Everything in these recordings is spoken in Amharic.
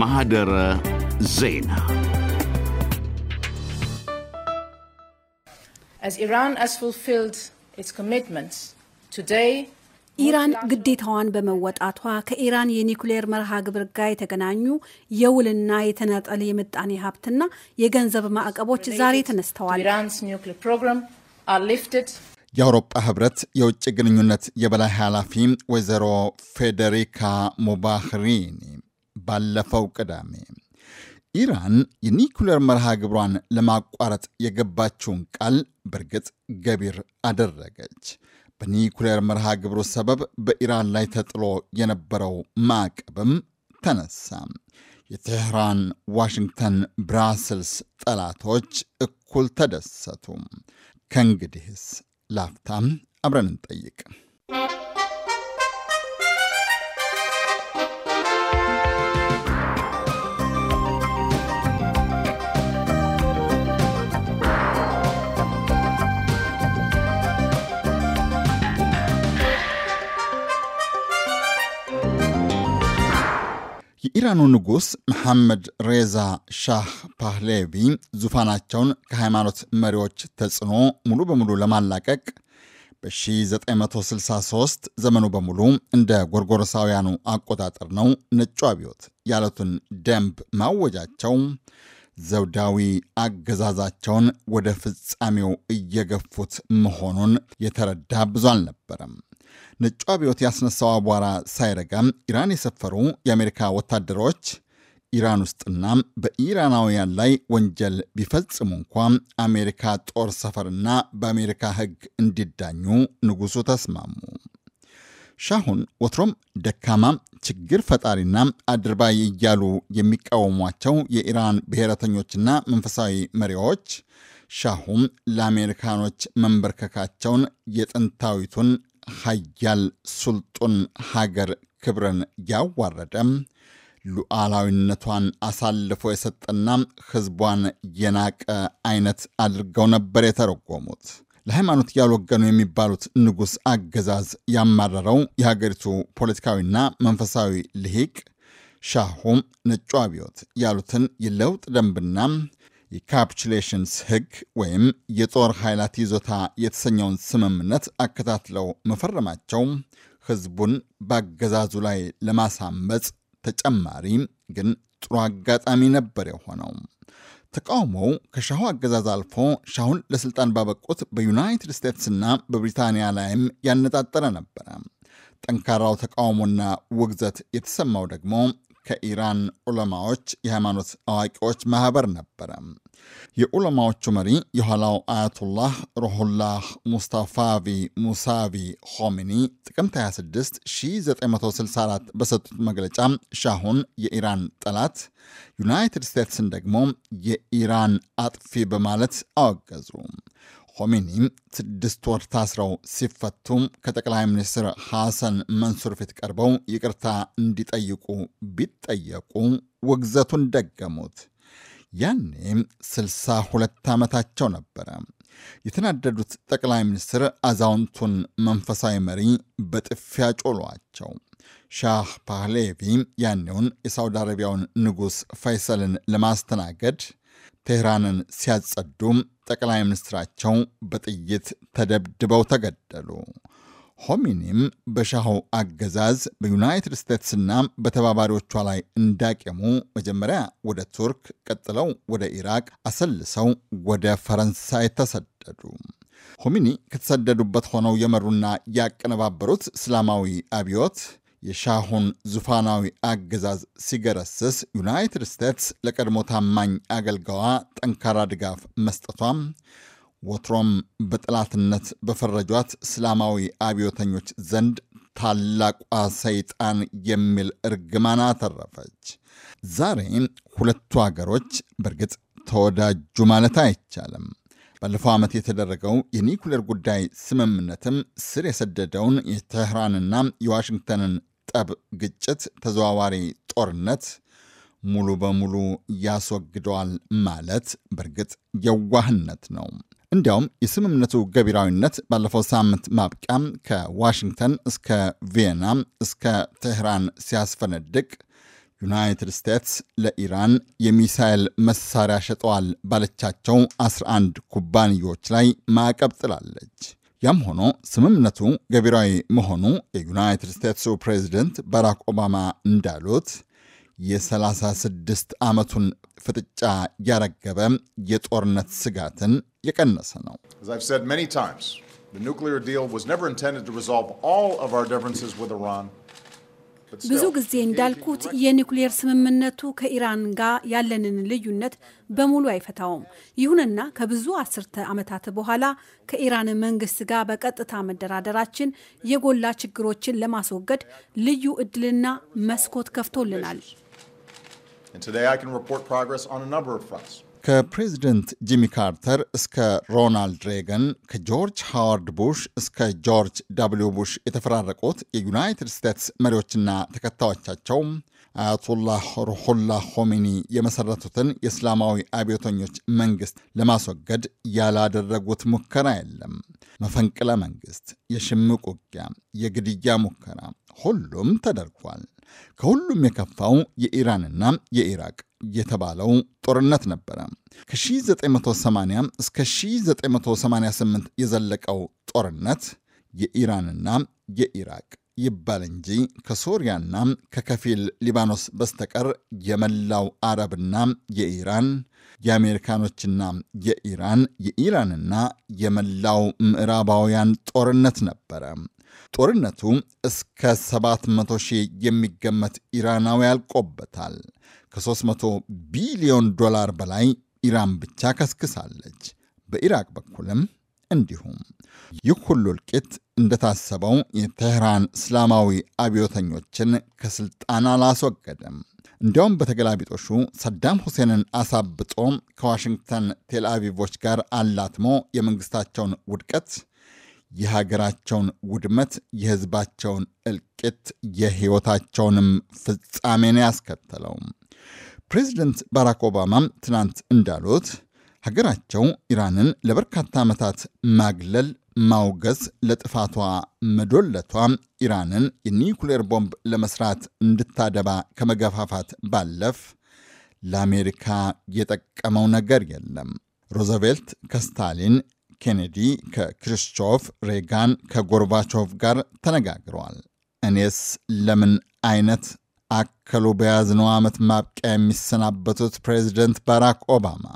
ማህደረ ዜና ኢራን ግዴታዋን በመወጣቷ ከኢራን የኒውክሌር መርሃ ግብር ጋር የተገናኙ የውልና የተናጠል የምጣኔ ሀብትና የገንዘብ ማዕቀቦች ዛሬ ተነስተዋል። የአውሮጳ ህብረት የውጭ ግንኙነት የበላይ ኃላፊ ወይዘሮ ፌዴሪካ ሞባህሪኒ ባለፈው ቅዳሜ ኢራን የኒኩሌር መርሃ ግብሯን ለማቋረጥ የገባችውን ቃል በእርግጥ ገቢር አደረገች። በኒኩሌር መርሃ ግብሩ ሰበብ በኢራን ላይ ተጥሎ የነበረው ማዕቀብም ተነሳ። የቴህራን፣ ዋሽንግተን፣ ብራስልስ ጠላቶች እኩል ተደሰቱ። ከእንግዲህስ ላፍታም አብረን እንጠይቅ። የኢራኑ ንጉሥ መሐመድ ሬዛ ሻህ ፓህሌቪ ዙፋናቸውን ከሃይማኖት መሪዎች ተጽዕኖ ሙሉ በሙሉ ለማላቀቅ በ1963 ዘመኑ በሙሉ እንደ ጎርጎሮሳውያኑ አቆጣጠር ነው ነጩ አብዮት ያሉትን ደንብ ማወጃቸው ዘውዳዊ አገዛዛቸውን ወደ ፍጻሜው እየገፉት መሆኑን የተረዳ ብዙ አልነበረም። ነጩ አብዮት ያስነሳው አቧራ ሳይረጋም ኢራን የሰፈሩ የአሜሪካ ወታደሮች ኢራን ውስጥና በኢራናውያን ላይ ወንጀል ቢፈጽሙ እንኳ አሜሪካ ጦር ሰፈርና በአሜሪካ ሕግ እንዲዳኙ ንጉሱ ተስማሙ። ሻሁን ወትሮም ደካማ ችግር ፈጣሪና አድርባይ እያሉ የሚቃወሟቸው የኢራን ብሔረተኞችና መንፈሳዊ መሪዎች ሻሁም ለአሜሪካኖች መንበርከካቸውን የጥንታዊቱን ሀያል ሱልጡን ሀገር ክብርን ያዋረደ ሉዓላዊነቷን አሳልፎ የሰጠና ሕዝቧን የናቀ አይነት አድርገው ነበር የተረጎሙት። ለሃይማኖት ያልወገኑ የሚባሉት ንጉሥ አገዛዝ ያማረረው የሀገሪቱ ፖለቲካዊና መንፈሳዊ ልሂቅ ሻሁም ነጩ አብዮት ያሉትን የለውጥ ደንብና የካፕቹሌሽንስ ሕግ ወይም የጦር ኃይላት ይዞታ የተሰኘውን ስምምነት አከታትለው መፈረማቸው ሕዝቡን በአገዛዙ ላይ ለማሳመፅ ተጨማሪ ግን ጥሩ አጋጣሚ ነበር የሆነው። ተቃውሞው ከሻሁ አገዛዝ አልፎ ሻሁን ለስልጣን ባበቁት በዩናይትድ ስቴትስና በብሪታንያ ላይም ያነጣጠረ ነበረ። ጠንካራው ተቃውሞና ውግዘት የተሰማው ደግሞ ከኢራን ዑለማዎች፣ የሃይማኖት አዋቂዎች ማህበር ነበረ። የዑለማዎቹ መሪ የኋላው አያቱላህ ሮሁላህ ሙስታፋቪ ሙሳቪ ሆሚኒ ጥቅምት 26 1964 በሰጡት መግለጫ ሻሁን የኢራን ጠላት፣ ዩናይትድ ስቴትስን ደግሞ የኢራን አጥፊ በማለት አወገዙ። ሆሚኒ ስድስት ወር ታስረው ሲፈቱ ከጠቅላይ ሚኒስትር ሐሰን መንሱር ፊት ቀርበው ይቅርታ እንዲጠይቁ ቢጠየቁ ውግዘቱን ደገሙት። ያኔም 62 ዓመታቸው ነበረ። የተናደዱት ጠቅላይ ሚኒስትር አዛውንቱን መንፈሳዊ መሪ በጥፊያ ጮሏቸው። ሻህ ፓህሌቪ ያኔውን የሳውዲ አረቢያውን ንጉሥ ፈይሰልን ለማስተናገድ ቴህራንን ሲያጸዱ ጠቅላይ ሚኒስትራቸው በጥይት ተደብድበው ተገደሉ። ሆሚኒም በሻሁ አገዛዝ በዩናይትድ ስቴትስና በተባባሪዎቿ ላይ እንዳቄሙ መጀመሪያ ወደ ቱርክ፣ ቀጥለው ወደ ኢራቅ፣ አሰልሰው ወደ ፈረንሳይ ተሰደዱ። ሆሚኒ ከተሰደዱበት ሆነው የመሩና ያቀነባበሩት እስላማዊ አብዮት የሻሁን ዙፋናዊ አገዛዝ ሲገረስስ ዩናይትድ ስቴትስ ለቀድሞ ታማኝ አገልጋዋ ጠንካራ ድጋፍ መስጠቷም ወትሮም በጠላትነት በፈረጇት እስላማዊ አብዮተኞች ዘንድ ታላቋ ሰይጣን የሚል እርግማን አተረፈች። ዛሬ ሁለቱ አገሮች በእርግጥ ተወዳጁ ማለት አይቻልም። ባለፈው ዓመት የተደረገው የኒኩሌር ጉዳይ ስምምነትም ስር የሰደደውን የቴህራንና የዋሽንግተንን ጠብ፣ ግጭት፣ ተዘዋዋሪ ጦርነት ሙሉ በሙሉ ያስወግደዋል ማለት በእርግጥ የዋህነት ነው። እንዲያውም የስምምነቱ ገቢራዊነት ባለፈው ሳምንት ማብቂያ ከዋሽንግተን እስከ ቪየና እስከ ቴህራን ሲያስፈነድቅ ዩናይትድ ስቴትስ ለኢራን የሚሳኤል መሳሪያ ሸጠዋል ባለቻቸው 11 ኩባንያዎች ላይ ማዕቀብ ጥላለች። ያም ሆኖ ስምምነቱ ገቢራዊ መሆኑ የዩናይትድ ስቴትሱ ፕሬዚደንት ባራክ ኦባማ እንዳሉት የ36 ዓመቱን ፍጥጫ ያረገበ የጦርነት ስጋትን የቀነሰ ነው። ብዙ ጊዜ እንዳልኩት የኒኩሌር ስምምነቱ ከኢራን ጋር ያለንን ልዩነት በሙሉ አይፈታውም። ይሁንና ከብዙ አስርተ ዓመታት በኋላ ከኢራን መንግስት ጋር በቀጥታ መደራደራችን የጎላ ችግሮችን ለማስወገድ ልዩ እድልና መስኮት ከፍቶልናል። ከፕሬዚደንት ጂሚ ካርተር እስከ ሮናልድ ሬገን ከጆርጅ ሃዋርድ ቡሽ እስከ ጆርጅ ደብሊው ቡሽ የተፈራረቁት የዩናይትድ ስቴትስ መሪዎችና ተከታዮቻቸው አያቶላህ ሩሁላ ሆሚኒ የመሰረቱትን የእስላማዊ አብዮተኞች መንግስት ለማስወገድ ያላደረጉት ሙከራ የለም። መፈንቅለ መንግስት፣ የሽምቅ ውጊያ፣ የግድያ ሙከራ ሁሉም ተደርጓል። ከሁሉም የከፋው የኢራንና የኢራቅ የተባለው ጦርነት ነበረ። ከ1980 እስከ 1988 የዘለቀው ጦርነት የኢራንና የኢራቅ ይባል እንጂ ከሶሪያና ከከፊል ሊባኖስ በስተቀር የመላው አረብና የኢራን የአሜሪካኖችና የኢራን የኢራንና የመላው ምዕራባውያን ጦርነት ነበረ። ጦርነቱ እስከ 700 ሺህ የሚገመት ኢራናዊ ያልቆበታል። ከ300 ቢሊዮን ዶላር በላይ ኢራን ብቻ ከስክሳለች። በኢራቅ በኩልም እንዲሁም ይህ ሁሉ እልቂት እንደታሰበው የቴህራን እስላማዊ አብዮተኞችን ከስልጣን አላስወገደም። እንዲያውም በተገላቢጦሹ ሰዳም ሁሴንን አሳብጦ ከዋሽንግተን ቴልአቪቮች ጋር አላትሞ የመንግስታቸውን ውድቀት የሀገራቸውን ውድመት፣ የህዝባቸውን እልቂት፣ የህይወታቸውንም ፍጻሜን ያስከተለው። ፕሬዚደንት ባራክ ኦባማም ትናንት እንዳሉት ሀገራቸው ኢራንን ለበርካታ ዓመታት ማግለል፣ ማውገዝ፣ ለጥፋቷ መዶለቷ ኢራንን የኒውክሌር ቦምብ ለመስራት እንድታደባ ከመገፋፋት ባለፍ ለአሜሪካ የጠቀመው ነገር የለም። ሮዘቬልት ከስታሊን ኬኔዲ ከክሪስቶፍ ሬጋን ከጎርባቾቭ ጋር ተነጋግረዋል። እኔስ ለምን አይነት አከሉ በያዝነው ዓመት ማብቂያ የሚሰናበቱት ፕሬዚደንት ባራክ ኦባማ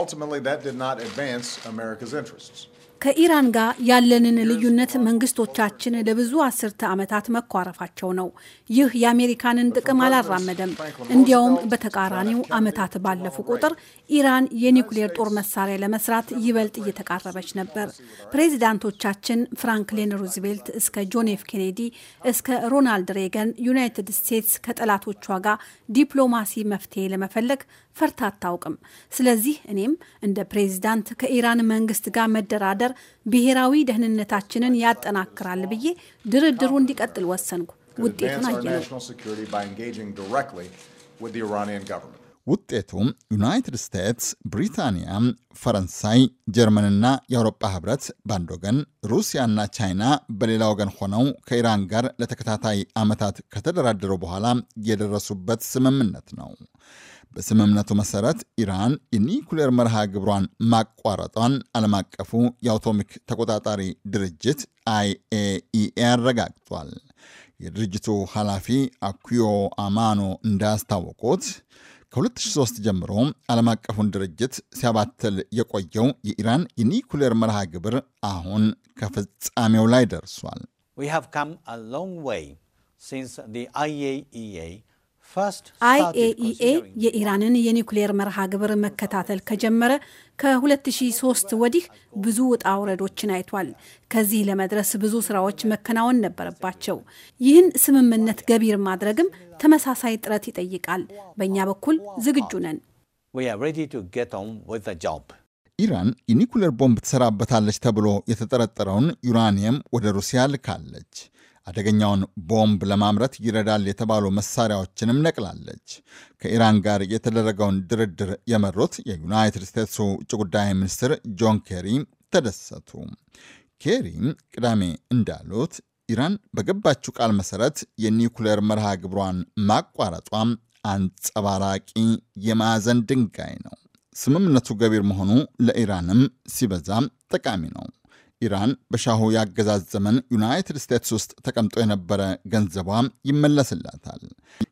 Ultimately, that did not advance America's interests. ከኢራን ጋር ያለንን ልዩነት መንግስቶቻችን ለብዙ አስርተ ዓመታት መኳረፋቸው ነው። ይህ የአሜሪካንን ጥቅም አላራመደም። እንዲያውም በተቃራኒው ዓመታት ባለፉ ቁጥር ኢራን የኒውክሌር ጦር መሳሪያ ለመስራት ይበልጥ እየተቃረበች ነበር። ፕሬዚዳንቶቻችን ፍራንክሊን ሩዝቬልት እስከ ጆን ኤፍ ኬኔዲ እስከ ሮናልድ ሬገን ዩናይትድ ስቴትስ ከጠላቶቿ ጋር ዲፕሎማሲ መፍትሄ ለመፈለግ ፈርታ አታውቅም። ስለዚህ እኔም እንደ ፕሬዚዳንት ከኢራን መንግስት ጋር መደራደር ነገር ብሔራዊ ደህንነታችንን ያጠናክራል ብዬ ድርድሩ እንዲቀጥል ወሰንኩ። ውጤቱን አየነው። ውጤቱ ዩናይትድ ስቴትስ፣ ብሪታንያ፣ ፈረንሳይ፣ ጀርመንና የአውሮፓ ህብረት በአንድ ወገን፣ ሩሲያና ቻይና በሌላ ወገን ሆነው ከኢራን ጋር ለተከታታይ ዓመታት ከተደራደሩ በኋላ የደረሱበት ስምምነት ነው። በስምምነቱ መሰረት ኢራን የኒኩሌር መርሃ ግብሯን ማቋረጧን ዓለም አቀፉ የአቶሚክ ተቆጣጣሪ ድርጅት አይኤኢኤ አረጋግጧል። የድርጅቱ ኃላፊ አኩዮ አማኖ እንዳስታወቁት ከ2003 ጀምሮ ዓለም አቀፉን ድርጅት ሲያባትል የቆየው የኢራን የኒኩሌር መርሃ ግብር አሁን ከፍጻሜው ላይ ደርሷል። አይኤኢኤ የኢራንን የኒውክሌር መርሃ ግብር መከታተል ከጀመረ ከ2003 ወዲህ ብዙ ውጣ ውረዶችን አይቷል። ከዚህ ለመድረስ ብዙ ስራዎች መከናወን ነበረባቸው። ይህን ስምምነት ገቢር ማድረግም ተመሳሳይ ጥረት ይጠይቃል። በእኛ በኩል ዝግጁ ነን። ኢራን የኒኩሌር ቦምብ ትሰራበታለች ተብሎ የተጠረጠረውን ዩራኒየም ወደ ሩሲያ ልካለች። አደገኛውን ቦምብ ለማምረት ይረዳል የተባሉ መሳሪያዎችንም ነቅላለች። ከኢራን ጋር የተደረገውን ድርድር የመሩት የዩናይትድ ስቴትሱ ውጭ ጉዳይ ሚኒስትር ጆን ኬሪ ተደሰቱ። ኬሪ ቅዳሜ እንዳሉት ኢራን በገባችው ቃል መሰረት የኒውክሌር መርሃ ግብሯን ማቋረጧ አንጸባራቂ የማዕዘን ድንጋይ ነው። ስምምነቱ ገቢር መሆኑ ለኢራንም ሲበዛ ጠቃሚ ነው። ኢራን በሻሁ ያገዛዝ ዘመን ዩናይትድ ስቴትስ ውስጥ ተቀምጦ የነበረ ገንዘቧ ይመለስላታል።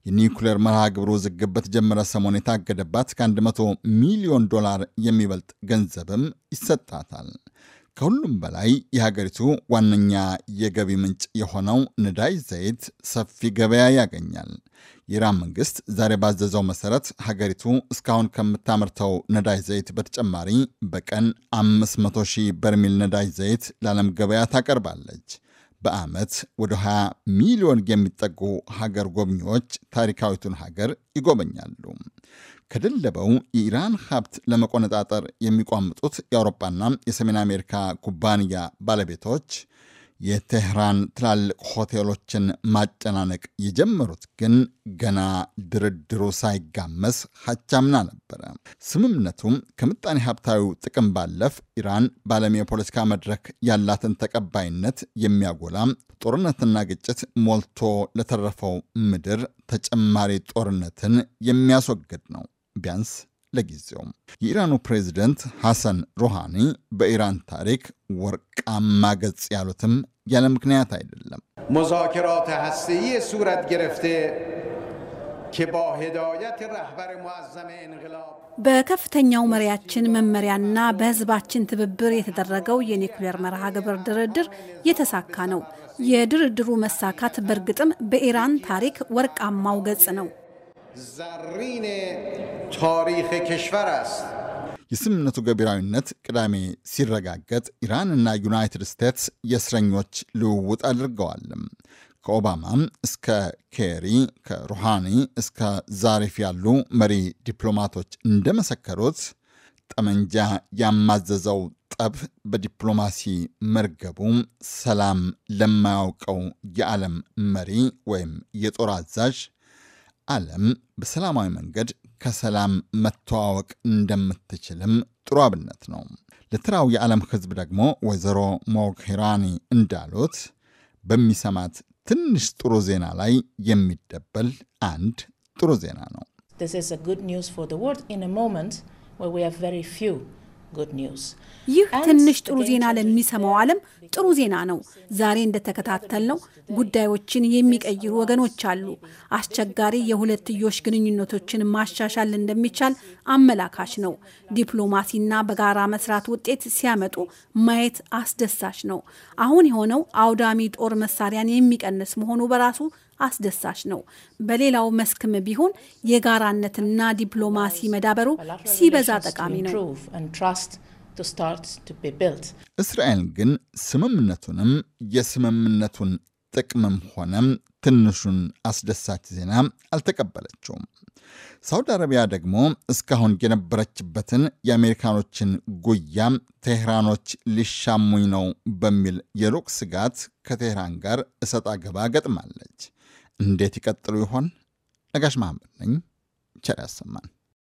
የኒውክሌር መርሃ ግብሩ ዝግብ በተጀመረ ሰሞን የታገደባት ከ100 ሚሊዮን ዶላር የሚበልጥ ገንዘብም ይሰጣታል። ከሁሉም በላይ የሀገሪቱ ዋነኛ የገቢ ምንጭ የሆነው ነዳጅ ዘይት ሰፊ ገበያ ያገኛል። የኢራን መንግስት ዛሬ ባዘዘው መሰረት ሀገሪቱ እስካሁን ከምታመርተው ነዳጅ ዘይት በተጨማሪ በቀን 500 ሺህ በርሜል ነዳጅ ዘይት ለዓለም ገበያ ታቀርባለች። በዓመት ወደ 20 ሚሊዮን የሚጠጉ ሀገር ጎብኚዎች ታሪካዊቱን ሀገር ይጎበኛሉ። ከደለበው የኢራን ሀብት ለመቆነጣጠር የሚቋምጡት የአውሮፓና የሰሜን አሜሪካ ኩባንያ ባለቤቶች የቴህራን ትላልቅ ሆቴሎችን ማጨናነቅ የጀመሩት ግን ገና ድርድሩ ሳይጋመስ ሀቻምና ነበረ። ስምምነቱም ከምጣኔ ሀብታዊ ጥቅም ባለፍ ኢራን በዓለም የፖለቲካ መድረክ ያላትን ተቀባይነት የሚያጎላ ጦርነትና ግጭት ሞልቶ ለተረፈው ምድር ተጨማሪ ጦርነትን የሚያስወግድ ነው። ቢያንስ ለጊዜውም። የኢራኑ ፕሬዚደንት ሐሰን ሩሃኒ በኢራን ታሪክ ወርቃማ ገጽ ያሉትም ያለ ምክንያት አይደለም። ሙዛኪራት ሀስቲይ ሱረት ገረፍቴ በከፍተኛው መሪያችን መመሪያና በሕዝባችን ትብብር የተደረገው የኒኩሌር መርሃ ግብር ድርድር የተሳካ ነው። የድርድሩ መሳካት በእርግጥም በኢራን ታሪክ ወርቃማው ገጽ ነው። ዘሪን ታሪክ ከሽፈር است የስምምነቱ ገቢራዊነት ቅዳሜ ሲረጋገጥ ኢራን እና ዩናይትድ ስቴትስ የእስረኞች ልውውጥ አድርገዋል። ከኦባማም እስከ ኬሪ ከሩሃኒ እስከ ዛሪፍ ያሉ መሪ ዲፕሎማቶች እንደመሰከሩት ጠመንጃ ያማዘዘው ጠብ በዲፕሎማሲ መርገቡ ሰላም ለማያውቀው የዓለም መሪ ወይም የጦር አዛዥ ዓለም በሰላማዊ መንገድ ከሰላም መተዋወቅ እንደምትችልም ጥሩ አብነት ነው። ለተራው የዓለም ሕዝብ ደግሞ ወይዘሮ ሞግሄራኒ እንዳሉት በሚሰማት ትንሽ ጥሩ ዜና ላይ የሚደበል አንድ ጥሩ ዜና ነው። ይህ ትንሽ ጥሩ ዜና ለሚሰማው ዓለም ጥሩ ዜና ነው። ዛሬ እንደተከታተልነው ጉዳዮችን የሚቀይሩ ወገኖች አሉ። አስቸጋሪ የሁለትዮሽ ግንኙነቶችን ማሻሻል እንደሚቻል አመላካች ነው። ዲፕሎማሲና በጋራ መስራት ውጤት ሲያመጡ ማየት አስደሳች ነው። አሁን የሆነው አውዳሚ ጦር መሳሪያን የሚቀንስ መሆኑ በራሱ አስደሳች ነው። በሌላው መስክም ቢሆን የጋራነትና ዲፕሎማሲ መዳበሩ ሲበዛ ጠቃሚ ነው። እስራኤል ግን ስምምነቱንም የስምምነቱን ጥቅምም ሆነም ትንሹን አስደሳች ዜና አልተቀበለችውም። ሳውዲ አረቢያ ደግሞ እስካሁን የነበረችበትን የአሜሪካኖችን ጉያ ቴህራኖች ሊሻሙኝ ነው በሚል የሩቅ ስጋት ከቴህራን ጋር እሰጥ አገባ ገጥማለች። እንዴት ይቀጥሉ ይሆን? ነጋሽ መሐመድ ነኝ። ቸር ያሰማን።